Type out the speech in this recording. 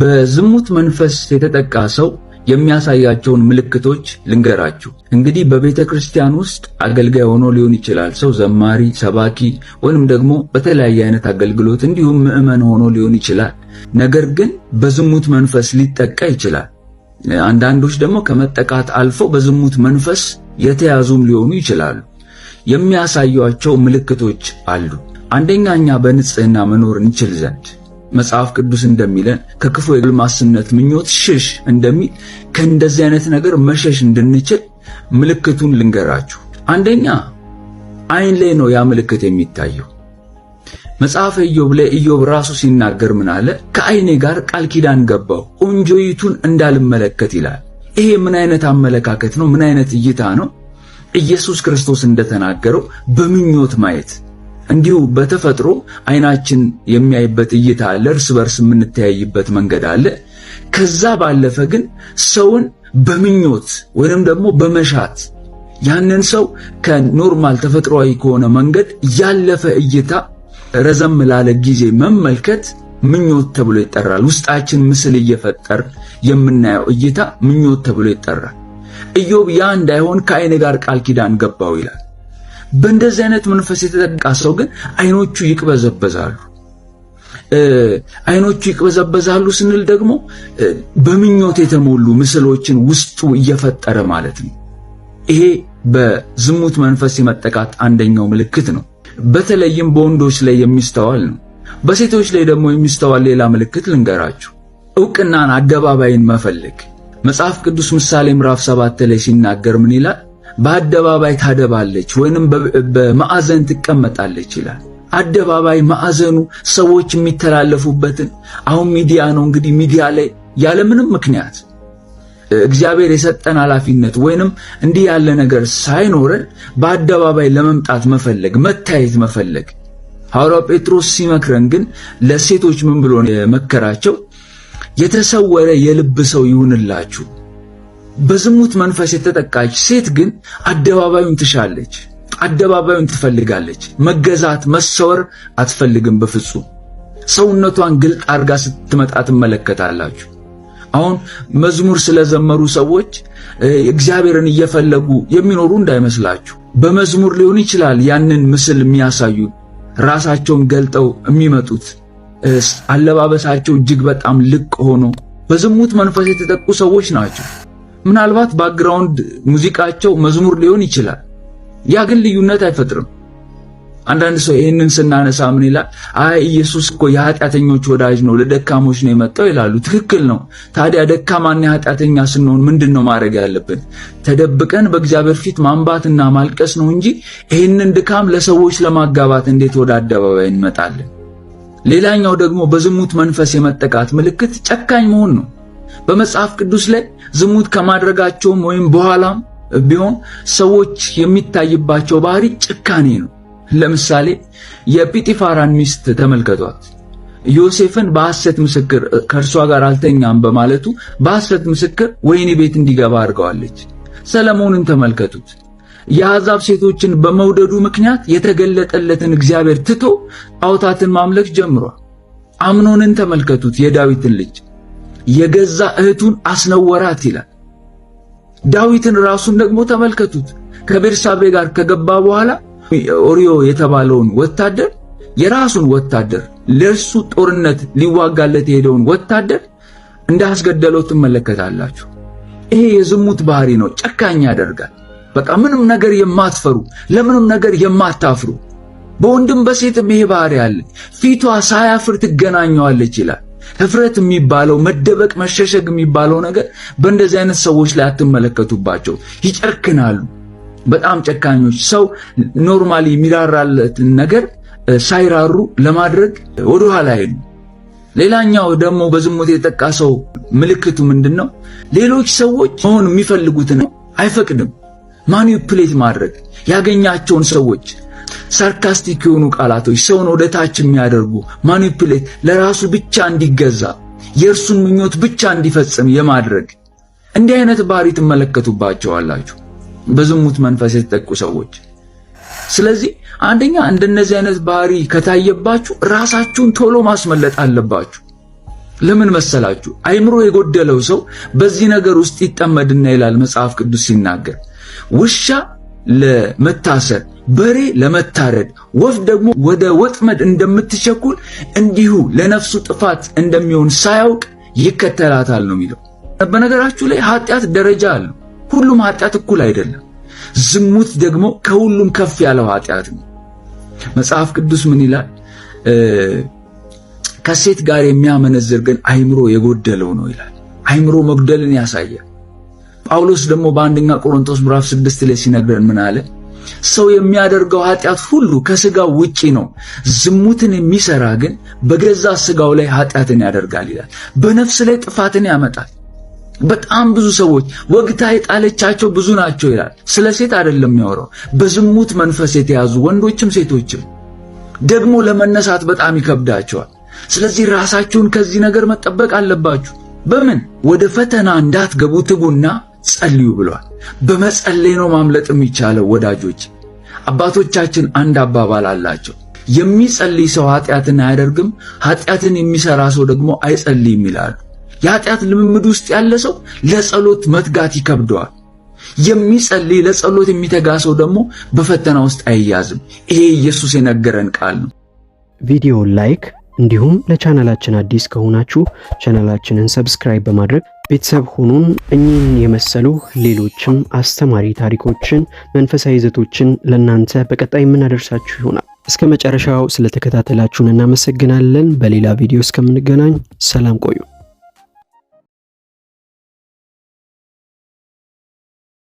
በዝሙት መንፈስ የተጠቃ ሰው የሚያሳያቸውን ምልክቶች ልንገራችሁ። እንግዲህ በቤተ ክርስቲያን ውስጥ አገልጋይ ሆኖ ሊሆን ይችላል ሰው ዘማሪ፣ ሰባኪ ወይንም ደግሞ በተለያየ አይነት አገልግሎት እንዲሁም ምዕመን ሆኖ ሊሆን ይችላል። ነገር ግን በዝሙት መንፈስ ሊጠቃ ይችላል። አንዳንዶች ደግሞ ከመጠቃት አልፎ በዝሙት መንፈስ የተያዙም ሊሆኑ ይችላሉ። የሚያሳዩአቸው ምልክቶች አሉ። አንደኛ እኛ በንጽህና መኖር እንችል ዘንድ መጽሐፍ ቅዱስ እንደሚለን ከክፉ የግልማስነት ምኞት ሽሽ እንደሚል ከእንደዚህ አይነት ነገር መሸሽ እንድንችል ምልክቱን ልንገራችሁ። አንደኛ አይን ላይ ነው ያ ምልክት የሚታየው። መጽሐፈ ኢዮብ ላይ ኢዮብ ራሱ ሲናገር ምን አለ? ከአይኔ ጋር ቃል ኪዳን ገባው ቆንጆይቱን እንዳልመለከት ይላል። ይሄ ምን አይነት አመለካከት ነው? ምን አይነት እይታ ነው? ኢየሱስ ክርስቶስ እንደተናገረው በምኞት ማየት እንዲሁ በተፈጥሮ አይናችን የሚያይበት እይታ አለ፣ እርስ በርስ የምንተያይበት መንገድ አለ። ከዛ ባለፈ ግን ሰውን በምኞት ወይንም ደግሞ በመሻት ያንን ሰው ከኖርማል ተፈጥሯዊ ከሆነ መንገድ ያለፈ እይታ ረዘም ላለ ጊዜ መመልከት ምኞት ተብሎ ይጠራል። ውስጣችን ምስል እየፈጠር የምናየው እይታ ምኞት ተብሎ ይጠራል። ኢዮብ ያ እንዳይሆን ከአይነ ጋር ቃል ኪዳን ገባው ይላል። በእንደዚህ አይነት መንፈስ የተጠቃ ሰው ግን አይኖቹ ይቅበዘበዛሉ። አይኖቹ ይቅበዘበዛሉ ስንል ደግሞ በምኞት የተሞሉ ምስሎችን ውስጡ እየፈጠረ ማለት ነው። ይሄ በዝሙት መንፈስ የመጠቃት አንደኛው ምልክት ነው። በተለይም በወንዶች ላይ የሚስተዋል ነው። በሴቶች ላይ ደግሞ የሚስተዋል ሌላ ምልክት ልንገራችሁ። እውቅናን አደባባይን መፈለግ። መጽሐፍ ቅዱስ ምሳሌ ምዕራፍ ሰባት ላይ ሲናገር ምን ይላል? በአደባባይ ታደባለች ወይንም በማዕዘን ትቀመጣለች ይላል። አደባባይ ማዕዘኑ ሰዎች የሚተላለፉበትን አሁን ሚዲያ ነው እንግዲህ ሚዲያ ላይ ያለምንም ምክንያት እግዚአብሔር የሰጠን ኃላፊነት ወይንም እንዲህ ያለ ነገር ሳይኖረን በአደባባይ ለመምጣት መፈለግ መታየት መፈለግ ሐዋርያው ጴጥሮስ ሲመክረን ግን ለሴቶች ምን ብሎ የመከራቸው የተሰወረ የልብ ሰው ይሁንላችሁ በዝሙት መንፈስ የተጠቃች ሴት ግን አደባባዩን ትሻለች፣ አደባባዩን ትፈልጋለች። መገዛት፣ መሰወር አትፈልግም በፍጹም። ሰውነቷን ግልጥ አድርጋ ስትመጣ ትመለከታላችሁ። አሁን መዝሙር ስለዘመሩ ሰዎች እግዚአብሔርን እየፈለጉ የሚኖሩ እንዳይመስላችሁ። በመዝሙር ሊሆን ይችላል ያንን ምስል የሚያሳዩ ራሳቸውን ገልጠው የሚመጡት አለባበሳቸው እጅግ በጣም ልቅ ሆኖ በዝሙት መንፈስ የተጠቁ ሰዎች ናቸው። ምናልባት ባክግራውንድ ሙዚቃቸው መዝሙር ሊሆን ይችላል። ያ ግን ልዩነት አይፈጥርም። አንዳንድ ሰው ይህንን ስናነሳ ምን ይላል? አይ ኢየሱስ እኮ የኃጢአተኞች ወዳጅ ነው፣ ለደካሞች ነው የመጣው ይላሉ። ትክክል ነው። ታዲያ ደካማና የኃጢአተኛ ስንሆን ምንድን ነው ማድረግ ያለብን? ተደብቀን በእግዚአብሔር ፊት ማንባትና ማልቀስ ነው እንጂ ይህንን ድካም ለሰዎች ለማጋባት እንዴት ወደ አደባባይ እንመጣለን? ሌላኛው ደግሞ በዝሙት መንፈስ የመጠቃት ምልክት ጨካኝ መሆን ነው። በመጽሐፍ ቅዱስ ላይ ዝሙት ከማድረጋቸውም ወይም በኋላም ቢሆን ሰዎች የሚታይባቸው ባህሪ ጭካኔ ነው። ለምሳሌ የጲጢፋራን ሚስት ተመልከቷት። ዮሴፍን በሐሰት ምስክር ከእርሷ ጋር አልተኛም በማለቱ በሐሰት ምስክር ወህኒ ቤት እንዲገባ አድርገዋለች። ሰለሞንን ተመልከቱት። የአሕዛብ ሴቶችን በመውደዱ ምክንያት የተገለጠለትን እግዚአብሔር ትቶ ጣዖታትን ማምለክ ጀምሯል። አምኖንን ተመልከቱት፣ የዳዊትን ልጅ የገዛ እህቱን አስነወራት ይላል። ዳዊትን ራሱን ደግሞ ተመልከቱት። ከቤርሳቤ ጋር ከገባ በኋላ ኦሪዮ የተባለውን ወታደር የራሱን ወታደር ለእርሱ ጦርነት ሊዋጋለት የሄደውን ወታደር እንዳስገደለው ትመለከታላችሁ። ይሄ የዝሙት ባህሪ ነው። ጨካኝ ያደርጋል። በቃ ምንም ነገር የማትፈሩ ለምንም ነገር የማታፍሩ በወንድም በሴትም ይሄ ባህሪ አለ። ፊቷ ሳያፍር ትገናኘዋለች ይላል። ህፍረት የሚባለው መደበቅ፣ መሸሸግ የሚባለው ነገር በእንደዚህ አይነት ሰዎች ላይ አትመለከቱባቸው። ይጨርክናሉ። በጣም ጨካኞች። ሰው ኖርማሊ የሚራራለትን ነገር ሳይራሩ ለማድረግ ወደኋላ ሄዱ። ሌላኛው ደግሞ በዝሙት የተጠቃሰው ምልክቱ ምንድን ነው? ሌሎች ሰዎች መሆን የሚፈልጉትን አይፈቅድም። ማኒፕሌት ማድረግ ያገኛቸውን ሰዎች ሳርካስቲክ የሆኑ ቃላቶች፣ ሰውን ወደ ታች የሚያደርጉ ማኒፕሌት፣ ለራሱ ብቻ እንዲገዛ የእርሱን ምኞት ብቻ እንዲፈጽም የማድረግ እንዲህ አይነት ባህሪ ትመለከቱባቸዋላችሁ በዝሙት መንፈስ የተጠቁ ሰዎች። ስለዚህ አንደኛ እንደነዚህ አይነት ባህሪ ከታየባችሁ ራሳችሁን ቶሎ ማስመለጥ አለባችሁ። ለምን መሰላችሁ? አይምሮ የጎደለው ሰው በዚህ ነገር ውስጥ ይጠመድና ይላል መጽሐፍ ቅዱስ ሲናገር ውሻ ለመታሰር በሬ ለመታረድ ወፍ ደግሞ ወደ ወጥመድ እንደምትቸኩል እንዲሁ ለነፍሱ ጥፋት እንደሚሆን ሳያውቅ ይከተላታል ነው የሚለው። በነገራችሁ ላይ ኃጢአት ደረጃ አለ። ሁሉም ኃጢአት እኩል አይደለም። ዝሙት ደግሞ ከሁሉም ከፍ ያለው ኃጢአት ነው። መጽሐፍ ቅዱስ ምን ይላል? ከሴት ጋር የሚያመነዝር ግን አይምሮ የጎደለው ነው ይላል። አይምሮ መጉደልን ያሳያል። ጳውሎስ ደግሞ በአንደኛ ቆሮንቶስ ምዕራፍ ስድስት ላይ ሲነግረን ምን አለ? ሰው የሚያደርገው ኃጢአት ሁሉ ከስጋው ውጪ ነው። ዝሙትን የሚሰራ ግን በገዛ ስጋው ላይ ኃጢአትን ያደርጋል ይላል። በነፍስ ላይ ጥፋትን ያመጣል። በጣም ብዙ ሰዎች ወግታ የጣለቻቸው ብዙ ናቸው ይላል። ስለ ሴት አይደለም የሚያወራው። በዝሙት መንፈስ የተያዙ ወንዶችም ሴቶችም ደግሞ ለመነሳት በጣም ይከብዳቸዋል። ስለዚህ ራሳችሁን ከዚህ ነገር መጠበቅ አለባችሁ። በምን ወደ ፈተና እንዳትገቡ ትጉና ጸልዩ ብሏል። በመጸለይ ነው ማምለጥ የሚቻለው። ወዳጆች አባቶቻችን አንድ አባባል አላቸው። የሚጸልይ ሰው ኃጢአትን አያደርግም፣ ኃጢአትን የሚሰራ ሰው ደግሞ አይጸልይም ይላሉ። የኃጢአት ልምምድ ውስጥ ያለ ሰው ለጸሎት መትጋት ይከብደዋል። የሚጸልይ ለጸሎት የሚተጋ ሰው ደግሞ በፈተና ውስጥ አይያዝም። ይሄ ኢየሱስ የነገረን ቃል ነው። ቪዲዮ ላይክ እንዲሁም ለቻናላችን አዲስ ከሆናችሁ ቻናላችንን ሰብስክራይብ በማድረግ ቤተሰብ ሆኑን። እኚህን የመሰሉ ሌሎችም አስተማሪ ታሪኮችን፣ መንፈሳዊ ይዘቶችን ለእናንተ በቀጣይ የምናደርሳችሁ ይሆናል። እስከ መጨረሻው ስለተከታተላችሁን እናመሰግናለን። በሌላ ቪዲዮ እስከምንገናኝ ሰላም ቆዩ።